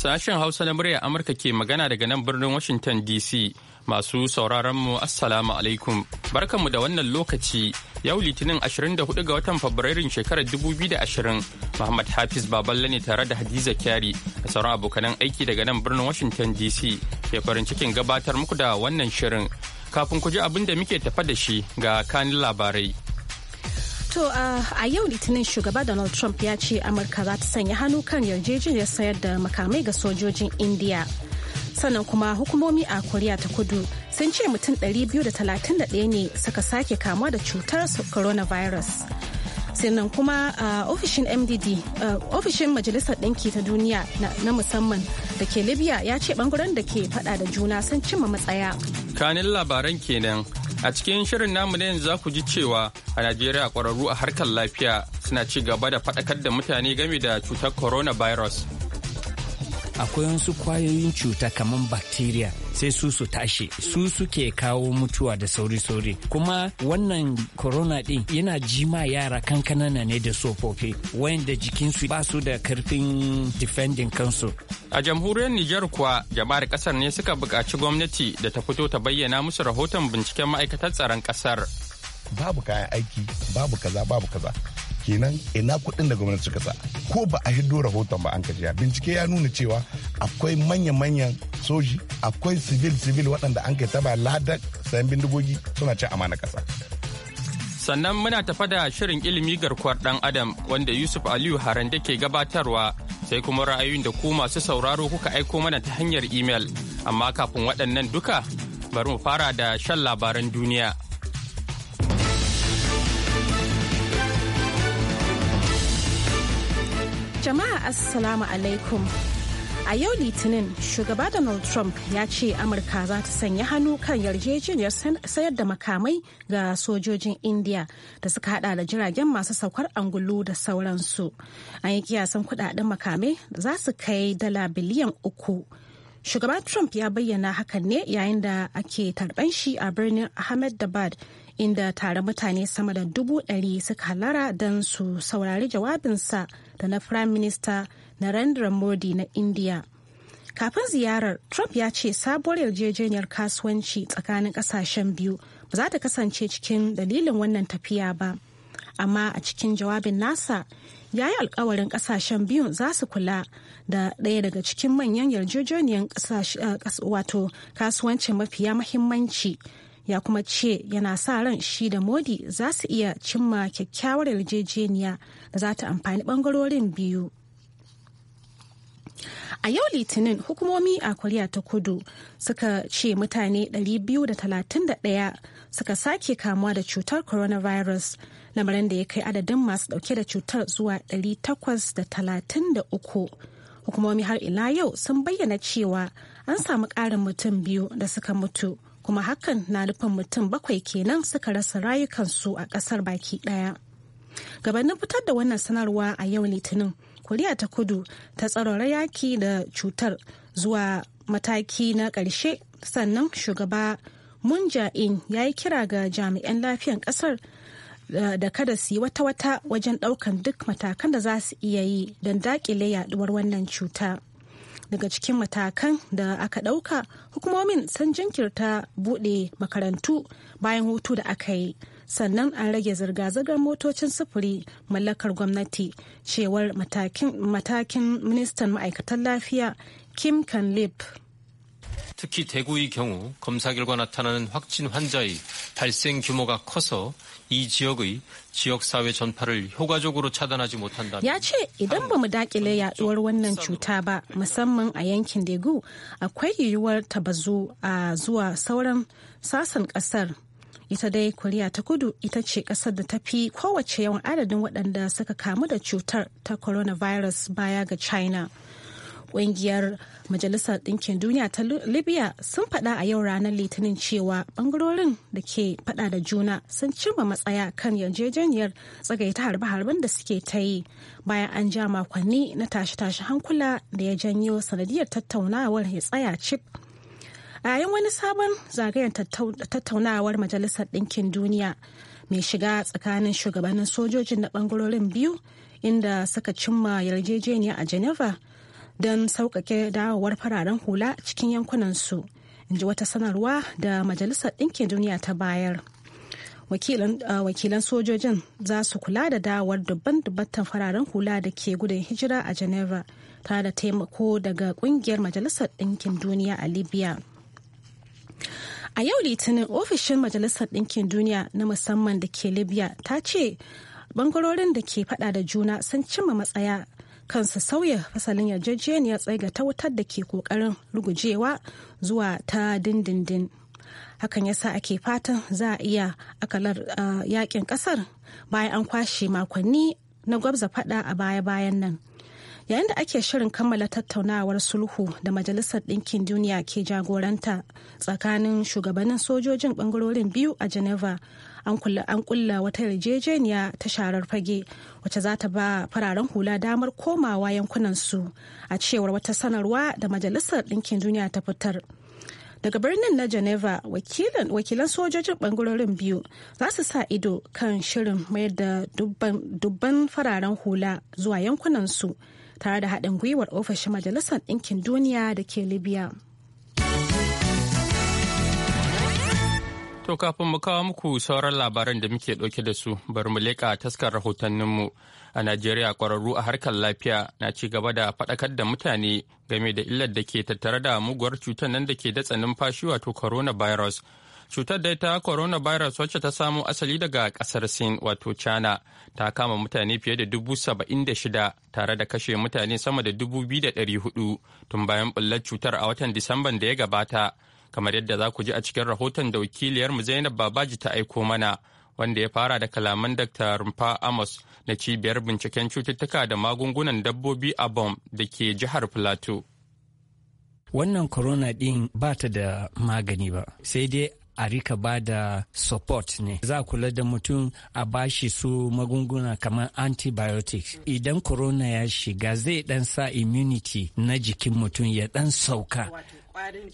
Sashen Hausa na murya Amurka ke magana daga nan birnin Washington DC. Masu sauraronmu Assalamu alaikum. Barkanmu da wannan lokaci. Yau Litinin 24 ga watan Fabrairun shekarar 2020. Muhammad Hafiz Baballe ne tare da Hadiza Kyari da sauran abokanan aiki daga nan birnin Washington DC. Ke farin cikin gabatar muku da wannan shirin. Kafin ku ji abin da muke tafa da shi ga kanin labarai. To a yau litinin shugaba Donald Trump ya ce Amurka za ta sanya hannu kan yarjejeniyar sayar da makamai ga sojojin India. Sannan kuma hukumomi a Koriya ta kudu sun ce mutum 231 ne suka sake kamuwa da cutar coronavirus. sannan kuma a ofishin mdd ofishin majalisar ɗinki ta duniya na musamman da ke libya ya ce ɓangaren da ke faɗa da juna sun cimma matsaya kanin labaran kenan a cikin shirin namu na yanzu za ku ji cewa a najeriya kwararru a harkar lafiya suna ci gaba da faɗakar da mutane game da cutar coronavirus akwai wasu kwayoyin cuta kamar bacteria sai su su tashi su suke kawo mutuwa da sauri-sauri kuma wannan corona din yana jima yara kankanana ne da sofofi wayanda jikinsu ba su da karfin defending kansu a jamhuriyar Nijar kuwa jama'ar kasar ne suka buƙaci gwamnati da ta fito ta bayyana musu rahoton binciken ma'aikatar tsaron kasar babu kayan aiki babu kaza babu kaza kenan ina kuɗin da gwamnati suka sa ko ba a hiddo rahoton ba an kajiya bincike ya nuna cewa akwai manya-manyan soji akwai civil-civil waɗanda an kai taba ladar sayan bindigogi suna ci amana kasa. sannan muna tafa da shirin ilimi garkuwar dan adam wanda yusuf aliyu haran da ke gabatarwa sai kuma ra'ayoyin da ku masu sauraro kuka aiko mana ta hanyar imel amma kafin waɗannan duka bari mu fara da shan labaran duniya Jama'a Assalamu alaikum. A yau Litinin, shugaba Donald Trump ya ce Amurka za ta sanya hannu kan yarjejeniyar sayar da makamai ga sojojin India da suka hada da jiragen masu saukar angulu da sauransu. An yi kiyasan kudaden makamai za su kai dala biliyan uku. Shugaba Trump ya bayyana hakan ne yayin da ake tarban shi a birnin Ahmedabad inda tare mutane sama da dubu ɗari suka halara don su saurari jawabinsa da na Prime Minister Narendra Modi na India. Kafin ziyarar, Trump ya ce sabuwar yarjejeniyar kasuwanci tsakanin ƙasashen biyu ba za ta kasance cikin dalilin wannan tafiya ba. Amma a cikin jawabin nasa, ya yi alkawarin ƙasashen biyu za su kula da ɗaya daga cikin manyan yarjejeniyar eh, wato kasuwancin mafiya mahimmanci ya kuma ce yana sa ran shi da modi za su iya cimma kyakkyawar yarjejeniya da za ta amfani bangarorin biyu a yau litinin hukumomi a koriya ta kudu suka ce mutane 231 suka sake kamuwa da cutar coronavirus lamarin da ya kai adadin masu dauke da cutar zuwa 833 hukumomi har ila yau sun bayyana cewa an samu ƙarin mutum biyu da suka mutu kuma hakan na nufin mutum bakwai kenan suka rasa rayukansu a kasar baki daya gabanin fitar da wannan sanarwa a yau litinin koriya ta kudu ta tsarora yaki da cutar zuwa mataki na ƙarshe sannan shugaba mun in ya yi kira ga jami'an lafiyan kasar eh, da kada su yi wata-wata wajen ɗaukan duk matakan da za su iya yi don daƙile yaduwar wannan cuta. daga cikin matakan da aka ɗauka hukumomin sun jinkirta buɗe makarantu bayan hutu da aka yi sannan an rage zirga-zirgar motocin sufuri mallakar gwamnati cewar matakin ministan ma'aikatan lafiya kim kanlip 특히 대구의 경우 검사 결과 나타나는 확진 환자의 발생 규모가 커서 이 지역의 지역사회 전파를 효과적으로 차단하지 야 ce idan ba mu dakile yaduwar wannan cuta ba musamman a yankin Daegu akwai yiwuwar tabazu a zuwa sauran sasan kasar. Ita dai Koriya ta kudu ita ce kasar da ta fi kowace yawan adadin waɗanda suka kamu da cutar ta coronavirus baya ga China. Ƙungiyar Majalisar Ɗinkin Duniya ta Libya sun faɗa a yau ranar Litinin cewa bangarorin da ke faɗa da juna sun cimma matsaya kan yarjejeniyar tsagaita harbe-harben da suke ta yi bayan an ja makonni na tashi-tashi hankula da ya janyo sanadiyar tattaunawar ya tsaya cip. a yayin wani sabon zagayen tattaunawar majalisar ɗinkin duniya mai shiga tsakanin shugabannin sojojin na bangarorin biyu inda suka cimma yarjejeniya a geneva don sauƙaƙe dawowar fararen hula cikin yankunansu in ji wata sanarwa da majalisar ɗinkin duniya ta bayar uh, wakilan sojojin za su kula da dawowar dubban dubbattan fararen hula da ke gudun hijira a geneva tare da taimako daga ƙungiyar majalisar ɗinkin duniya a libya a yau litinin ofishin majalisar ɗinkin duniya na musamman da ke libya ta ce bangarorin da ke fada da juna sun cimma matsaya kansa sauya fasalin yarjejeniyar tsaigata ta wutar da ke kokarin rugujewa zuwa ta dindindin hakan yasa ake fatan za a iya akalar ah, yakin kasar bayan an kwashe makonni na gwabza fada a baya-bayan nan yayin da ake shirin kammala tattaunawar sulhu da majalisar ɗinkin duniya ke jagoranta tsakanin shugabannin sojojin bangarorin biyu a geneva an kulla wata yarjejeniya ta sharar fage wacce za ta ba fararen hula damar komawa yankunansu a cewar wata sanarwa da majalisar ɗinkin duniya ta fitar daga birnin na geneva wakilan sojojin bangarorin biyu za su sa ido kan shirin mayar da dubban fararen hula zuwa yankunansu tare da haɗin gwiwar ofishin majalisar ɗinkin duniya da ke libya To kafin mu kawo muku sauran labaran da muke ɗauke da su bar mu leƙa taskar rahotanninmu a Najeriya ƙwararru a harkar lafiya na ci gaba da faɗakar da mutane game da illar da ke tattare da muguwar cutar nan da ke datsa fashi wato coronavirus. Cutar dai ta coronavirus wacce ta samo asali daga kasar Sin wato China ta kama mutane fiye da dubu saba'in da shida tare da kashe mutane sama da dubu biyu da ɗari hudu tun bayan ɓullar cutar a watan Disamban da ya gabata. Kamar yadda za ku ji a cikin rahoton da wakiliyarmu Zainab Babaji ta aiko mana. wanda ya fara da kalaman Dr. Rumfa Amos na cibiyar binciken cututtuka da magungunan dabbobi a Bom da ke jihar Plateau. Wannan corona din ba ta da magani ba, sai dai a rika ba da support ne za a kula da mutum a bashi su magunguna kamar antibiotics idan corona ya shiga zai dan sa immunity na jikin mutum ya dan sauka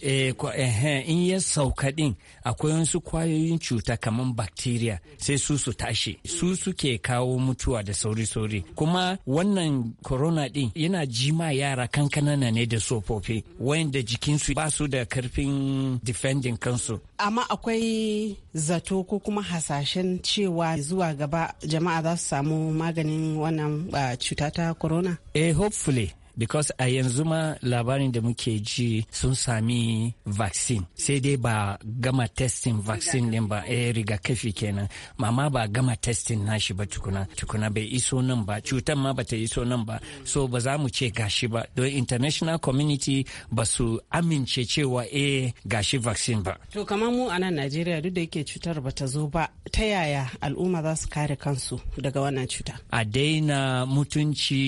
Eh, in ya sauka din akwai wasu kwayoyin cuta kamar bakteriya, sai su su tashi su suke kawo mutuwa da sauri-sauri kuma wannan corona din yana jima yara kankanana ne da tsofaffi wayanda jikinsu ba su da karfin defending kansu amma akwai zato ko kuma hasashen cewa zuwa gaba jama'a za su samu maganin wannan ah, cuta ta corona eh hopefully because a yanzu ma labarin da muke ji sun sami vaccine sai dai ba gama testing vaccine din ba eh rigakafi kenan mama ba gama testing nashi ba tukuna tukuna bai iso nan ba cutan ma bata iso nan ba so ba za mu ce gashi ba don international community ba su amince cewa eh gashi vaccine ba to kamar mu a nan Najeriya duk da yake cutar bata zo ba ta yaya al'umma za su kare kansu daga wannan cuta a daina mutunci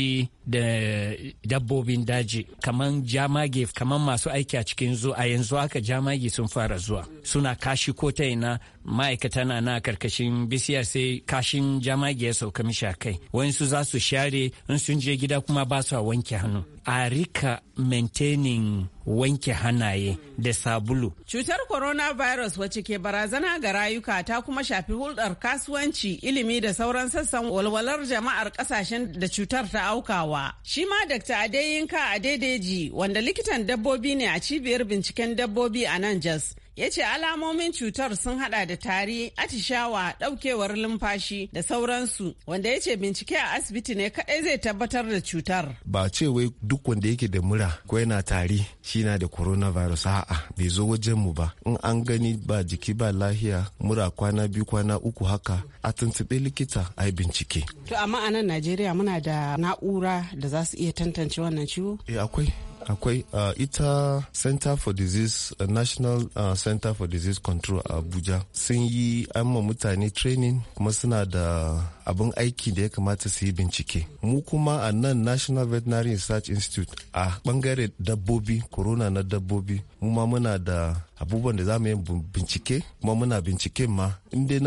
da dabbobin daji kaman jamage kaman masu aiki a cikin zu a yanzu haka jamage sun fara zuwa suna kashi ko ta ina ma'aikata na na karkashin bisiya sai kashin jamage ya sauka mishi a kai wayansu za su share in sun je gida kuma ba su wanke hannu a rika maintaining wanke hannaye da sabulu. Cutar coronavirus wacce ke barazana ga rayuka ta kuma shafi hulɗar kasuwanci, ilimi da sauran sassan walwalar jama'ar kasashen da cutar ta aukawa. Shi ma Dr. Adeyinka Adedeji wanda likitan dabbobi ne a cibiyar binciken dabbobi a nan Jos. ya ce alamomin cutar sun hada da tari atishawa daukewar lumfashi da sauransu wanda ya ce bincike a asibiti ne kadai zai tabbatar da cutar ba ce wai duk wanda yake da mura ko yana tari shi na da coronavirus a'a bai zo wajen mu ba in an gani ba jiki ba lahiya mura kwana biyu kwana uku haka a tuntuɓe likita a yi bincike to amma a nan najeriya muna da na'ura da za su iya tantance wannan ciwo eh akwai akwai uh, ita center for disease uh, national uh, center for disease control a abuja sun yi ma mutane training kuma suna da abin aiki da ya kamata su yi bincike mu kuma a nan national veterinary research institute a bangare dabbobi corona na dabbobi mu ma muna da abubuwan da za mu yi bincike kuma muna bincike ma inda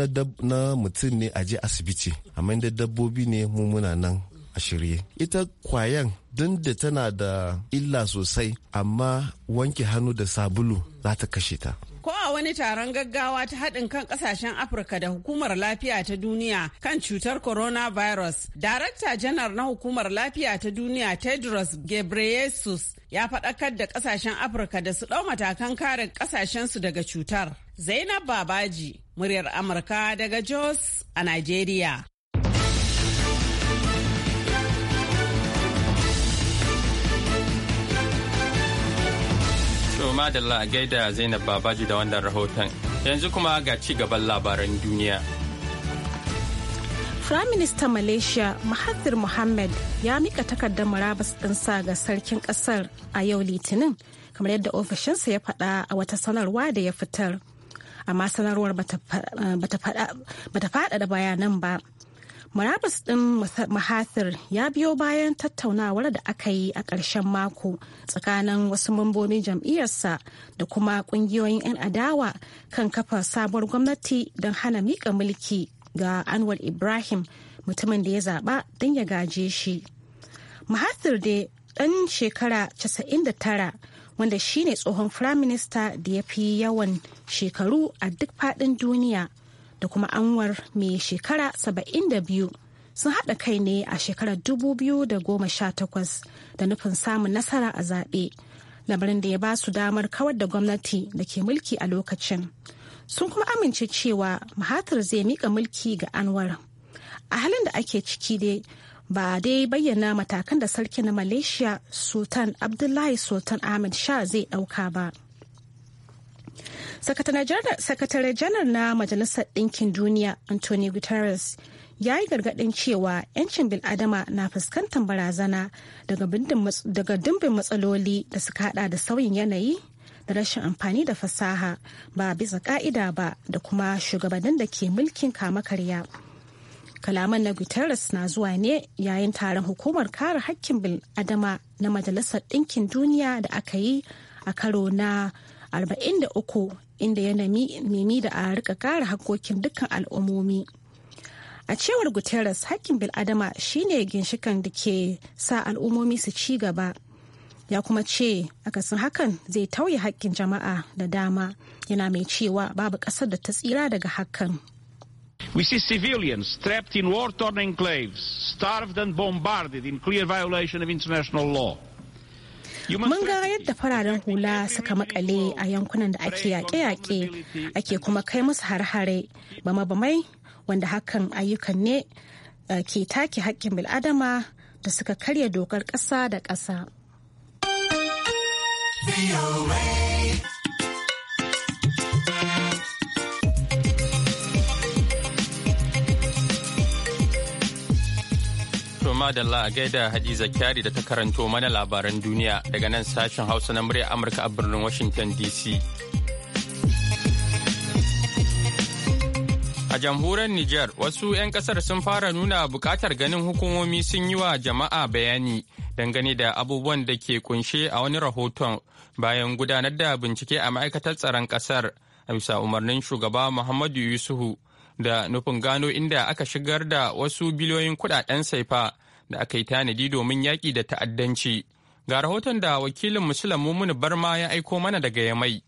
na mutum ne a je asibiti amma inda dabbobi ne mu muna nan a shirye ita kwayan don da tana da illa sosai amma wanke hannu da sabulu za ta kashe ta ko a wani taron gaggawa ta haɗin kan ƙasashen afirka da hukumar lafiya ta duniya kan cutar coronavirus darakta janar na hukumar lafiya ta duniya tedros ghebreyesus ya faɗakar da ƙasashen afirka da su ɗau matakan kare ƙasashensu daga cutar zainab babaji muryar amurka daga jos a Najeriya. To madalla a gaida Zainab Babaji da wannan rahoton. Yanzu kuma ga ci gaban labaran duniya. minister Malaysia Mahathir Mohamad ya mika takardar murabus sa ga sarkin ƙasar a yau Litinin, kamar yadda ofishinsa ya faɗa a wata sanarwa da ya fitar. Amma sanarwar bata faɗaɗa bayanan ba. Murabus ɗin Mahathir ya biyo bayan tattaunawar da aka yi a ƙarshen mako tsakanin wasu mambobin jam'iyyarsa da kuma ƙungiyoyin 'yan adawa kan kafa sabuwar gwamnati don hana miƙa mulki ga Anwar Ibrahim mutumin da ya zaɓa don ya gaje shi. Mahathir da ɗan shekara 99 wanda shine tsohon firaminista da ya fi yawan shekaru a duk faɗin duniya. da kuma anwar mai shekara 72 sun haɗa kai ne a shekarar 2018 da nufin samun nasara a zaɓe lamarin da ya ba su damar kawar da gwamnati da ke mulki a lokacin sun kuma amince cewa mahatar zai mika mulki ga anwar a halin da ake ciki dai ba dai bayyana matakan da sarki na malaysia sultan abdullahi sultan ahmed shah zai ɗauka ba sakatare janar na majalisar ɗinkin duniya anthony guterres ya yi gargaɗin cewa 'yancin bil'adama na fuskantar barazana daga dimbin matsaloli da suka hada da sauyin yanayi da rashin amfani da fasaha ba bisa ka'ida ba da kuma shugabannin da ke mulkin kama karya kalaman na guterres na zuwa ne yayin taron hukumar kare hakkin bil'adama na majalisar ɗinkin duniya da aka yi a karo na 43 inda ya nemi da a rika kare hakkokin dukkan al'ummomi. A cewar Guterres hakkin bil'adama shine ginshikan da ke sa al'ummomi su ci gaba. Ya kuma ce akasin hakan zai tauye hakkin jama'a da dama yana mai cewa babu ƙasar da ta tsira daga hakan. We see civilians trapped in war-torn enclaves, starved and bombarded in clear violation of international law. Mun ga yadda fararen hula suka makale a yankunan da ake yaƙe-yaƙe ake kuma kai musu har-hare bama-bamai wanda hakan ayyukan ne eh, ke take haƙƙin bil'adama da suka karya dokar ƙasa da ƙasa. madalla a gaida Hadiza Kyari da ta karanto mana labaran duniya daga nan sashen Hausa na murya Amurka a birnin Washington DC. A jamhuriyar Nijar, wasu 'yan kasar sun fara nuna bukatar ganin hukumomi sun yi wa jama'a bayani dangane da abubuwan da ke kunshe a wani rahoton bayan gudanar da bincike a ma'aikatar tsaron kasar a bisa umarnin shugaba Muhammadu yusuhu da nufin gano inda aka shigar da wasu biliyoyin kudaden saifa da aka yi tanadi domin yaƙi da ta'addanci. Ga rahoton da wakilin Musulun Mumunu Barma ya aiko mana daga Yamai.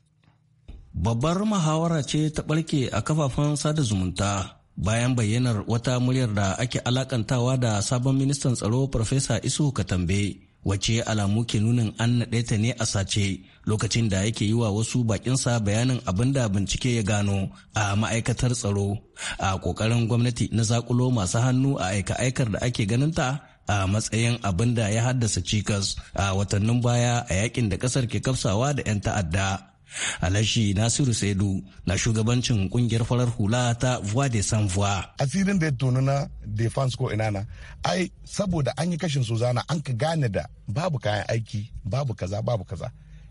Babbar muhawara ce ta ɓarke a kafafen sada zumunta bayan bayyanar wata muryar da ake alakantawa da sabon ministan tsaro Farfesa Isu Katambe. wace alamu ke nunin an naɗe ta ne a sace lokacin da yake yi wa wasu bakinsa bayanin abin da bincike ya gano a ma'aikatar tsaro a ƙoƙarin gwamnati na zakulo masu hannu a aika-aikar da ake ganin ta a matsayin abin da ya haddasa cikas a watannin baya a yakin da kasar ke kafsawa da 'yan ta'adda. Alashi Nasiru Saidu na shugabancin kungiyar farar hula ta Voix de San Voix. Asirin da ya tonu na defense ko inana, ai saboda an yi kashin Suzana an ka gane da babu kayan aiki, babu kaza, babu kaza.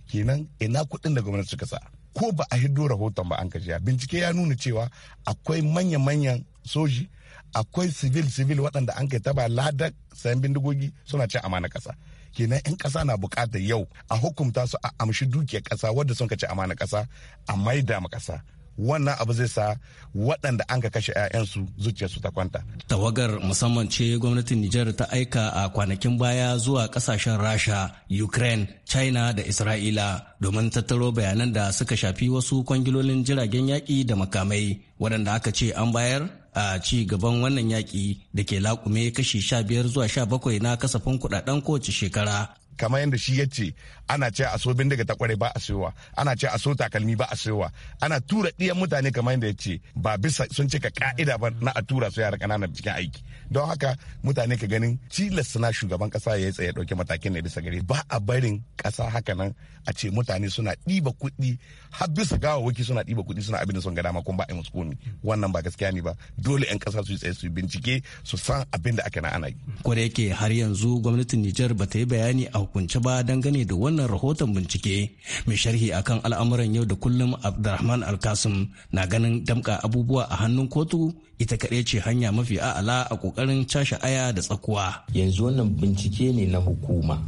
Kenan ina kuɗin da gwamnati suka sa. Ko ba a hiddo rahoton ba an kashiya. Bincike ya nuna cewa akwai manya-manyan soji akwai civil civil waɗanda an kai taba lada sayan bindigogi suna ci amana ƙasa kenan 'yan ƙasa na bukata yau a hukumta su a amshi dukiyar ƙasa wadda sun ci amana ƙasa a maida ma ƙasa wannan abu zai sa waɗanda an ka kashe 'ya'yansu zuciyarsu ta kwanta. tawagar musamman ce gwamnatin nijar ta aika a kwanakin baya zuwa ƙasashen rasha ukraine china da isra'ila domin tattaro bayanan da suka shafi wasu kwangilolin jiragen yaƙi da makamai waɗanda aka ce an bayar a ci gaban wannan yaƙi da ke laƙume kashi 15 zuwa 17 na kasafin kuɗaɗen kowace shekara kamar yadda shi ya ce ana ce a so daga ta kware ba a sayowa ana ce a so takalmi ba a sayowa ana tura ɗiyan mutane kamar yadda ya ce ba bisa sun cika ka'ida ba na a tura su yara ƙananan cikin aiki don haka mutane ka ganin tilas na shugaban ƙasa ya tsaye ɗauki matakin ne bisa gare ba a barin ƙasa haka nan a ce mutane suna ɗiba kuɗi har bisa waki suna ɗiba kuɗi suna abin da sun ga dama kuma ba a musu komi wannan ba gaskiya ne ba dole 'yan ƙasa su yi tsaye su bincike su san abin da ake na ana yi. Ko har yanzu gwamnatin Nijar ba ta yi bayani a kunce ba dangane da wannan rahoton bincike mai sharhi akan al'amuran yau da kullum abdulrahman alkasim na ganin damka abubuwa a hannun kotu ita kaɗai ce hanya mafi a'ala a ƙoƙarin cashe aya da tsakuwa yanzu wannan bincike ne na hukuma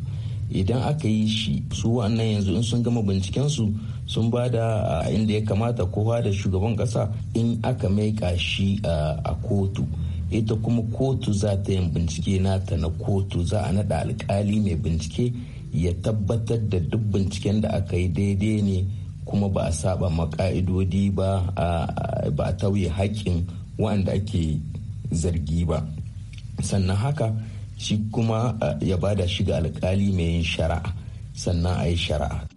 idan aka yi shi su wannan yanzu in sun gama binciken su sun ba da ah, inda ya kamata kowa da shugaban kasa in aka maika shi ah, a kotu ita kuma kotu za ta yin bincike nata na kotu za a naɗa alkali mai bincike ya tabbatar da duk binciken da aka yi daidai ne kuma ba a saba maka'idodi ba ba a tauye haƙƙin wanda ake zargi ba sannan haka shi kuma ya bada shi ga alkali mai yin shari'a sannan a yi shari'a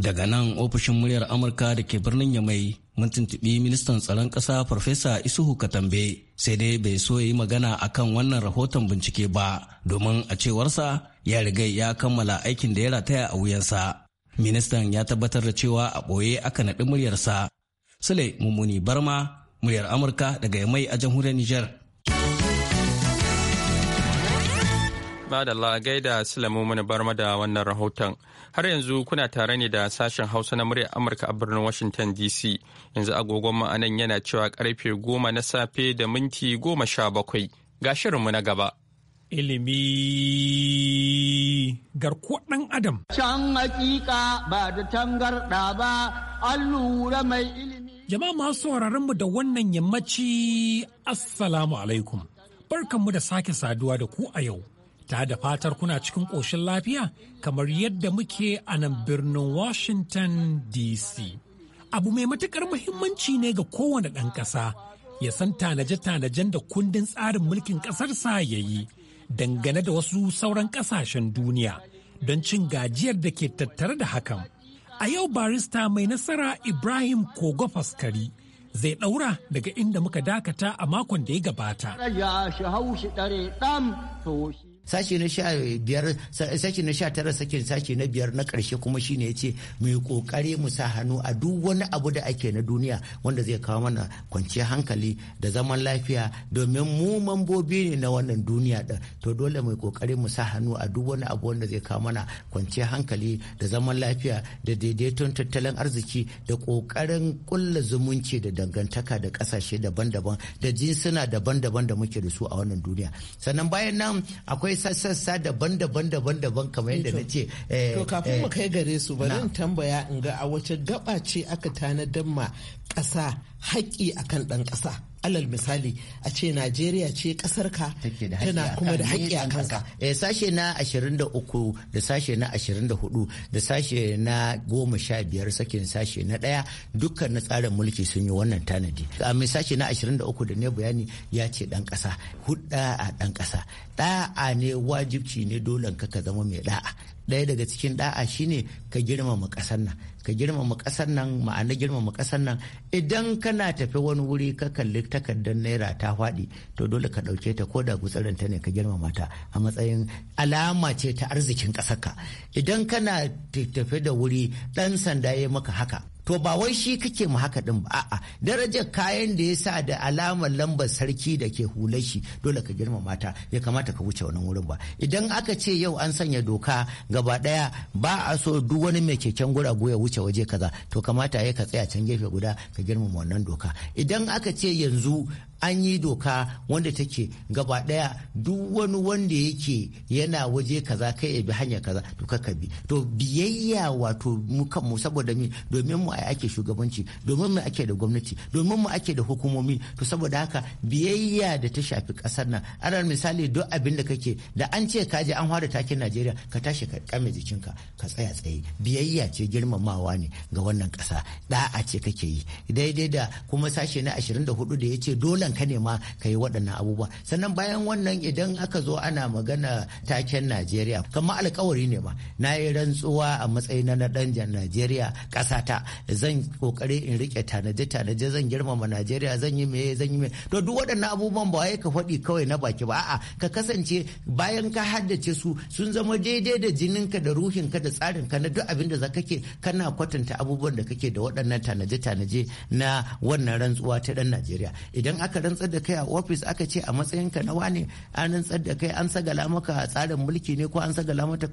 daga nan ofishin muryar amurka da ke birnin yamai mun tuntuɓi ministan tsaron ƙasa farfesa isuhu katambe sai dai bai so ya yi magana akan wannan rahoton bincike ba domin a cewarsa ya riga ya kammala aikin da ya rataya a wuyansa ministan ya tabbatar da cewa a ɓoye aka naɗi muryarsa sule mummuni barma muryar amurka daga mai a jamhuriyar niger Madalla gaida Sulamu mana barma da wannan rahoton. Har yanzu kuna tare ne da sashen Hausa na muryar Amurka a birnin Washington DC. Yanzu agogon ma'anan yana cewa karfe goma na safe da minti goma sha bakwai. Ga shirinmu na gaba. Ilimi garkuwar ɗan Adam. Can hakika ba da tangarɗa ba, an lura mai ilimi. Jama'a masu sauraron mu da wannan yammaci, Assalamu alaikum. Barkanmu da sake saduwa da ku a yau. ta da fatar kuna cikin ƙoshin lafiya kamar yadda muke a nan birnin Washington DC. Abu mai matuƙar muhimmanci ne ga kowane ɗan ƙasa ya san tanaje-tanajen da kundin tsarin mulkin ƙasarsa ya yi dangane da wasu sauran ƙasashen duniya don cin gajiyar da ke tattare da hakan. A yau barista mai nasara Ibrahim Kogo Faskari zai ɗaura daga inda muka dakata a makon da ya gabata. sashi na sha biyar sashi na sha tara sakin sashi na biyar na karshe kuma shine ya ce mu yi kokari mu sa hannu a duk wani abu da ake na duniya wanda zai kawo mana kwanciyar hankali da zaman lafiya domin mu mambobi ne na wannan duniya da to dole mu yi kokari mu sa hannu a duk wani abu wanda zai kawo mana kwanciyar hankali da zaman lafiya da daidaiton tattalin arziki da kokarin kulla zumunci da dangantaka da kasashe daban-daban da jinsuna daban-daban da muke da su a wannan duniya sannan bayan nan akwai sassa daban-daban daban-daban kamar yadda na ce. Eh, to kafin mu eh, kai gare su ba zan tambaya in ga a wace gaba ce aka tanadar ma ƙasa haƙƙi akan ɗan ƙasa. alal misali a ce najeriya ce kasar ka tana kuma da haƙƙi a kanka eh, sashe na 23 da sashe na 24 da sashe na 15 sakin sashe na ɗaya dukkan na tsarin mulki sun yi wannan tanadi a mai sashe na 23 da ne bayani ya ce ɗan ƙasa hudda a ɗan ƙasa ɗa'a ne wajibci ne dole ka ka zama mai ɗa'a ɗaya daga cikin da'a shine ka girmama ƙasar nan ka girmama ƙasar nan ma'ana girmama ƙasar nan idan kana tafi wani wuri ka kalli takardar naira ta faɗi to dole ka ɗauke ta ko da gutsarin ta ne ka girmama ta a matsayin alama ce ta arzikin ƙasarka idan kana tafi da wuri ɗan sanda ya maka haka to ba wai shi kake mu haka din ba a'a darajar kayan da ya sa da alamar lambar sarki da ke hular shi dole ka girmama ta ya kamata ka wuce wannan wurin ba idan aka ce yau an sanya doka gaba daya ba a so duk wani mai keken guragu ya wuce waje kaza to kamata ya ka tsaya can gefe guda ka girmama wannan doka idan aka ce yanzu an yi doka wanda take gaba daya duk wani wanda yake yana waje kaza kai ya bi hanya kaza to ka bi to biyayya wato mu kanmu saboda mi domin mu ai ake shugabanci domin mu ake da gwamnati domin mu ake da hukumomi to saboda haka biyayya da ta shafi kasar nan ana misali duk abin da kake da an ce ka je an fara takin Najeriya ka tashi ka kame jikinka ka tsaya tsaye biyayya ce girmamawa ne ga wannan kasa da'a ce kake yi daidai da kuma sashe na 24 da yace dole Ka ne ma ka yi waɗannan abubuwa sannan bayan wannan idan aka zo ana magana taken najeriya kamar alkawari ne ma na yi rantsuwa a matsayin na ɗan najeriya ƙasata zan kokari in rike tanaje tanaje zan girmama najeriya zan yi meye zan yi meye to duk waɗannan abubuwan ba wai ka faɗi kawai na baki ba a'a ka kasance bayan ka haddace su sun zama daidai da jininka da ruhinka da tsarin ka na duk abin da za kake kana kwatanta abubuwan da kake da waɗannan tanaje tanaje na wannan rantsuwa ta ɗan najeriya idan aka rantsar da kai a ofis aka ce a matsayinka na wane an rantsar da kai an sagala maka tsarin mulki ne ko an sagala maka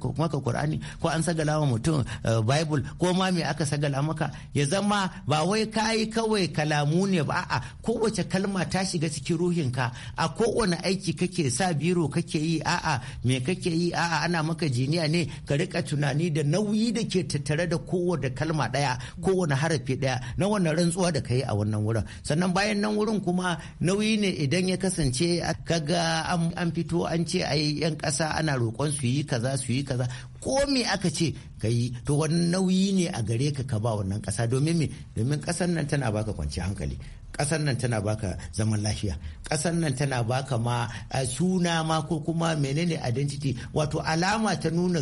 kur'ani ko an sagala wa mutum eh, bible ko ma me aka sagala maka ya zama ba wai kayi kawai kalamu ne ba a'a kowace kalma ta shiga cikin ruhinka a kowane aiki kake sa biro kake yi a'a me kake yi a'a ana maka jiniya ne ka rika tunani da nauyi da ke tattare da kowace kalma daya kowane harafi daya na wannan rantsuwa da ka a wannan wurin sannan bayan nan wurin kuma nauyi ne idan ya kasance kaga an fito an ce ai yan ƙasa ana roƙon su yi kaza su yi kaza ko me aka ce ka yi to wani nauyi ne a gare ka ka ba wannan kasa domin me domin kasar nan tana baka kwanci hankali kasar nan tana baka zaman lafiya kasar nan tana baka ma eh, suna ma ko kuma menene identity wato alama ta nuna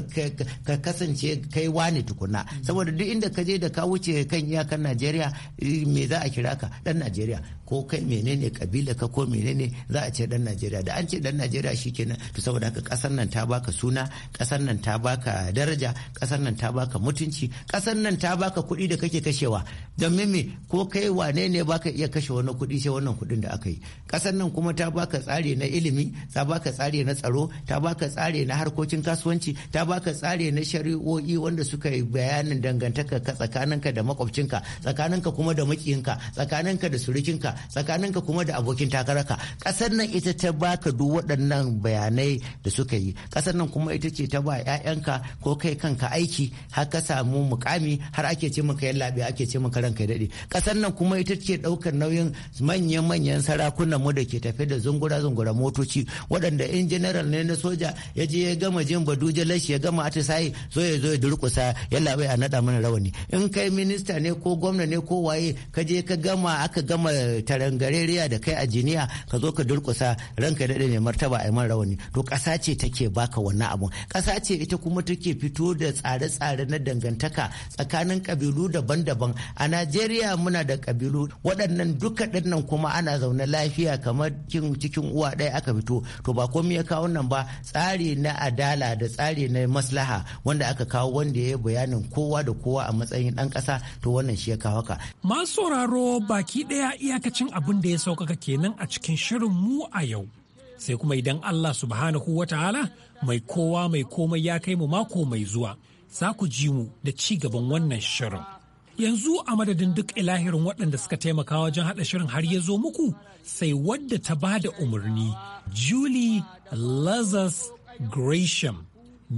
ka kasance kai wani tukuna saboda duk inda ka je da ka wuce kan iyakar Najeriya eh, me za a kira ka dan Najeriya ko kai menene kabila ka ko menene za a ce dan Najeriya da an ce dan Najeriya kenan to saboda haka kasar nan ta baka suna kasar nan ta baka baka daraja kasar nan ta baka mutunci kasar nan ta baka kuɗi da kake kashewa don mimi ko kai wane ne baka iya kashe wani kuɗi sai wannan kuɗin da aka yi kasar nan kuma ta baka tsari na ilimi ta baka tsari na tsaro ta baka tsare na harkokin kasuwanci ta baka tsare na shari'o'i wanda suka yi bayanin dangantaka tsakaninka da makwabcinka tsakaninka kuma da makiyinka tsakaninka da surukinka tsakaninka kuma da abokin takararka kasar nan ita ta baka duk waɗannan bayanai da suka yi kasar nan kuma ita ce ta ba 'ya'yanka ko kai kanka aiki har ka samu mukami har ake ce maka yallaɓe ake ce maka ranka dade ƙasar nan kuma ita ce daukar nauyin manyan-manyan sarakunan mu da ke tafe da zungura-zungura motoci waɗanda in general ne na soja ya je ya gama jin baduje lashi ya gama atisaye zo ya zo ya durƙusa yallaɓe a nada mana rawani in kai minista ne ko gwamna ne ko waye ka je ka gama aka gama tarangareriya da kai a jiniya ka zo ka durkusa ranka dade ne martaba a man rawani to ƙasa ce take baka wannan abun ƙasa ce ita kuma take fito da tsare-tsare na dangantaka tsakanin kabilu daban-daban a najeriya muna da kabilu waɗannan duka ɗinnan kuma ana zaune lafiya kamar cikin uwa ɗaya aka fito to ba komai ya kawo nan ba tsari na adala da tsari na maslaha wanda aka kawo wanda ya yi bayanin kowa da kowa a matsayin ɗan ƙasa to wannan shi ya kawo ka. masu sauraro baki ɗaya iyakacin abin da ya sauƙaƙa kenan a cikin shirin mu a yau sai kuma idan allah subhanahu wa ta'ala mai kowa mai komai ya kai mu mako mai zuwa za ku ji mu da ci gaban wannan shirin. Yanzu a madadin duk ilahirin waɗanda suka taimaka wajen haɗa shirin har ya zo muku sai wadda ta ba da umarni Julie Lazarus Gresham.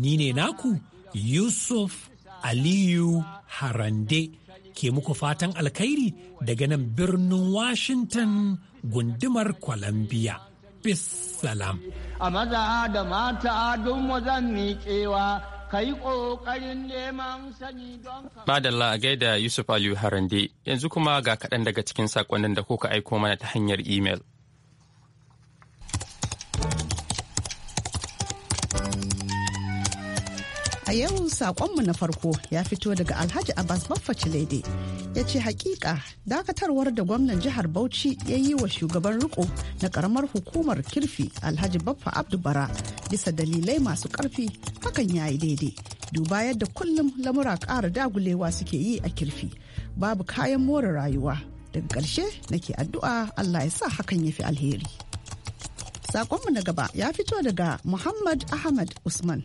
Ni ne naku Yusuf Aliyu Harande ke muku fatan alkhairi daga nan birnin Washington gundumar Columbia. bisalam. A maza da mata don zan miƙewa yi ƙoƙarin neman sani don ka. Madalla a gaida Yusuf Aliyu Harande yanzu kuma ga kaɗan daga cikin saƙonnin da kuka aiko mana ta hanyar imel. A yau saƙonmu na farko ya fito daga Alhaji Abbas Baffacilede ya ce hakika dakatarwar da gwamnan jihar Bauchi ya yi wa shugaban riko na ƙaramar hukumar kirfi Alhaji Baffa Abdubara bisa dalilai masu ƙarfi hakan ya yi daidai. Duba yadda kullum lamura ƙara dagulewa suke yi a kirfi babu kayan more rayuwa. Daga ƙarshe nake addu'a Allah ya sa hakan ya fi alheri. Saƙonmu na gaba ya fito daga Muhammad Ahmad Usman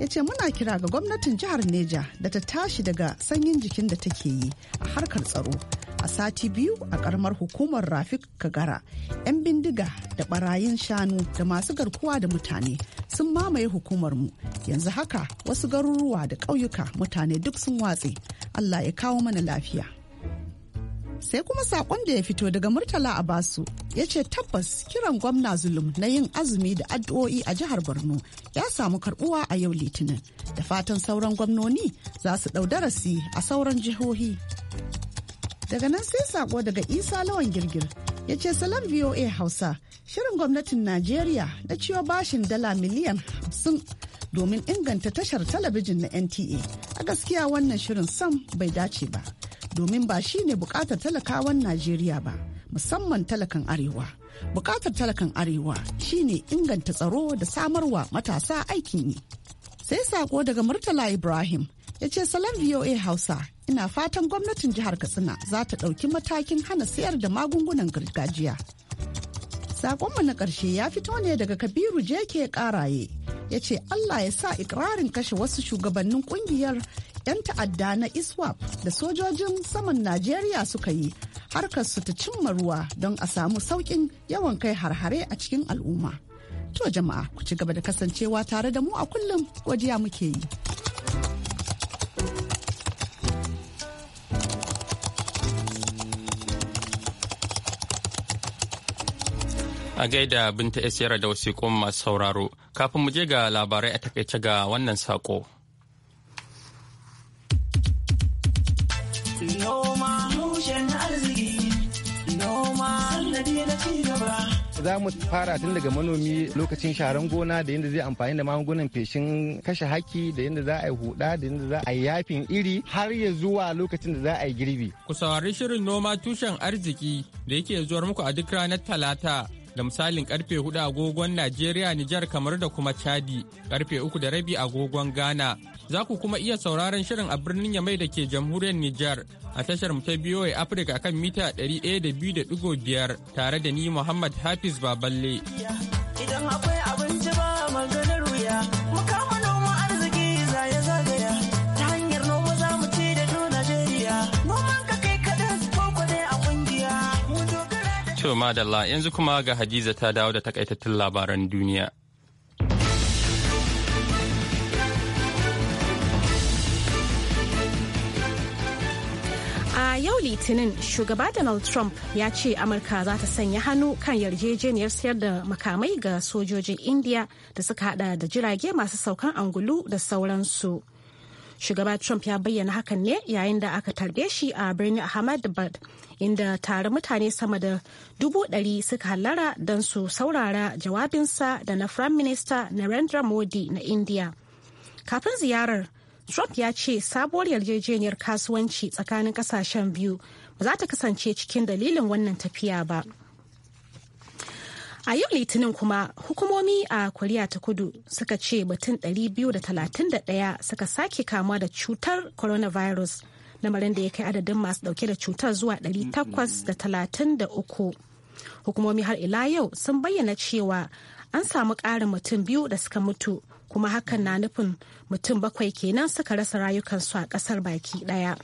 ya ce muna kira ga gwamnatin jihar neja da ta tashi daga sanyin jikin da take yi a harkar tsaro a sati biyu a karamar hukumar rafik kagara 'yan bindiga da barayin shanu da masu garkuwa da mutane sun mamaye hukumarmu yanzu haka wasu garuruwa da ƙauyuka mutane duk sun watse allah ya kawo mana lafiya sai kuma sakon da ya fito daga murtala abasu ya ce tabbas kiran gwamna zulum na yin azumi da addu'o'i a jihar borno ya samu karbuwa a yau litinin da fatan sauran gwamnoni za su ɗau darasi a sauran jihohi daga nan sai sako daga isa lawan girgir ya ce salam voa hausa shirin gwamnatin najeriya na ciwo bashin dala miliyan 50 domin inganta tashar talabijin na nta a gaskiya wannan shirin sam bai dace ba domin ba shi ne bukatar talakawan Najeriya ba, musamman talakan Arewa. Bukatar talakan Arewa shine inganta tsaro da samarwa matasa aikin yi. Sai sako daga Murtala Ibrahim ya ce salon VOA Hausa ina fatan gwamnatin jihar Katsina za ta ɗauki matakin hana sayar da magungunan gargajiya. Sakonmu na ƙarshe ya fito ne daga Kabiru JK ƙaraye ya ce Allah ya sa ikirarin kashe wasu shugabannin ƙungiyar. 'yan ta'adda na iswap da sojojin saman najeriya suka yi harkarsu ta cimma ruwa don a samu sauƙin yawan kai harhare a cikin al'umma to jama'a ku ci gaba da kasancewa tare da mu a kullum gwajiya muke yi a gaida binta esiyar da wasiƙun masu sauraro kafin mu je ga labarai a takaice ga wannan saƙo. Noma arziki. Noma na za mu fara tun daga manomi lokacin sharan gona da yadda zai amfani da magungunan feshin kashe haki da yadda za a yi huda da yadda za a yi yafin iri har ya zuwa lokacin da za a yi girbi. Ku saurari shirin noma tushen arziki da yake zuwar muku a duk ranar Talata da misalin karfe 4 agogon Najeriya, Nijar kamar da kuma Chadi, karfe 3 da rabi agogon Ghana. Za ku kuma iya sauraron shirin a birnin Yamai da ke jamhuriyar Nijar a tashar mu ta BOA Africa kan mita 102.5 tare da ni Muhammad Hafiz Baballe. Idan akwai abinci ba maganar wuya. To madalla yanzu kuma ga Hadiza ta dawo da takaitattun labaran duniya. A yau Litinin, shugaba Donald Trump ya ce Amurka za ta sanya hannu kan yarjejeniyar sayar da makamai ga sojojin India da suka hada da jirage masu saukan angulu da sauransu. shugaba trump ya bayyana hakan ne yayin da aka tarbe shi a birnin ahmadabad inda tare mutane sama da dubu ɗari suka hallara don su saurara jawabinsa da na prime minister narendra modi na india kafin ziyarar trump ya ce sabuwar yarjejeniyar kasuwanci tsakanin kasashen biyu ba za ta kasance cikin dalilin wannan tafiya ba. A yau Litinin kuma hukumomi a Koriya ta Kudu suka ce mutum 231 suka sake kamuwa da cutar coronavirus lamarin da ya kai adadin masu dauke da cutar zuwa 833. Hukumomi har ila yau sun bayyana cewa an samu ƙarin mutum biyu da suka mutu kuma hakan na nufin mutum bakwai kenan suka rasa rayukansu a ƙasar baki ɗaya.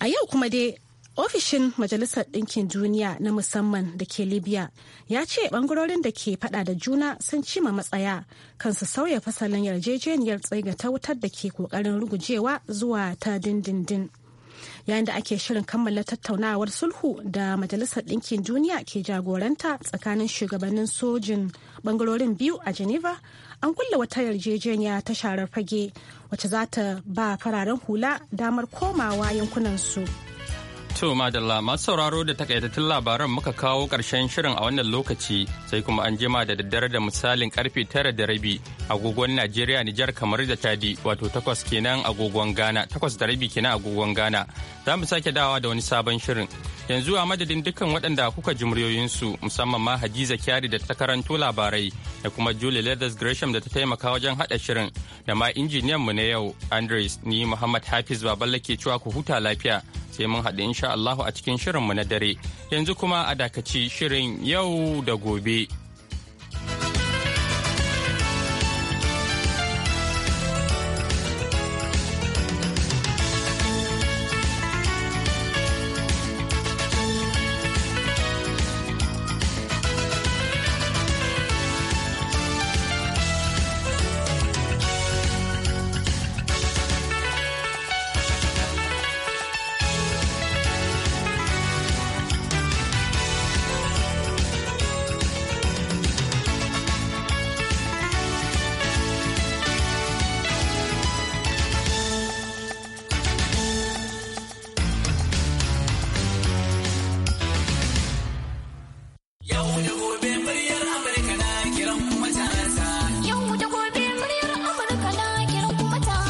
A yau kuma dai ofishin majalisar ɗinkin duniya na musamman da ke libya ya ce bangarorin da ke fada da juna sun cima matsaya kan su sauya fasalin yarjejeniyar tsaiga ta wutar da ke kokarin rugujewa zuwa ta dindindin yayin da ake shirin kammala tattaunawar sulhu da majalisar ɗinkin duniya ke jagoranta tsakanin shugabannin sojin bangarorin biyu a geneva an kulle wata yarjejeniya ta sharar fage wacce za ta ba fararen hula damar komawa yankunansu. su To madalla masu sauraro da takaitattun labaran muka kawo ƙarshen shirin a wannan lokaci sai kuma an jima da daddare da misalin karfe tara da rabi agogon Najeriya Nijar kamar da tadi wato takwas kenan agogon Ghana takwas da rabi kenan agogon Ghana za mu sake dawa da wani sabon shirin yanzu a madadin dukkan waɗanda kuka ji muryoyinsu musamman ma Hadiza Kyari da ta karanto labarai da kuma Julie Leathers Gresham da ta taimaka wajen haɗa shirin da ma injiniyan mu na yau Andres ni Muhammad Hafiz Baballe ke cewa ku huta lafiya. sai mun haɗu insha Allahu a cikin shirin mu na dare yanzu kuma a dakaci shirin yau da gobe.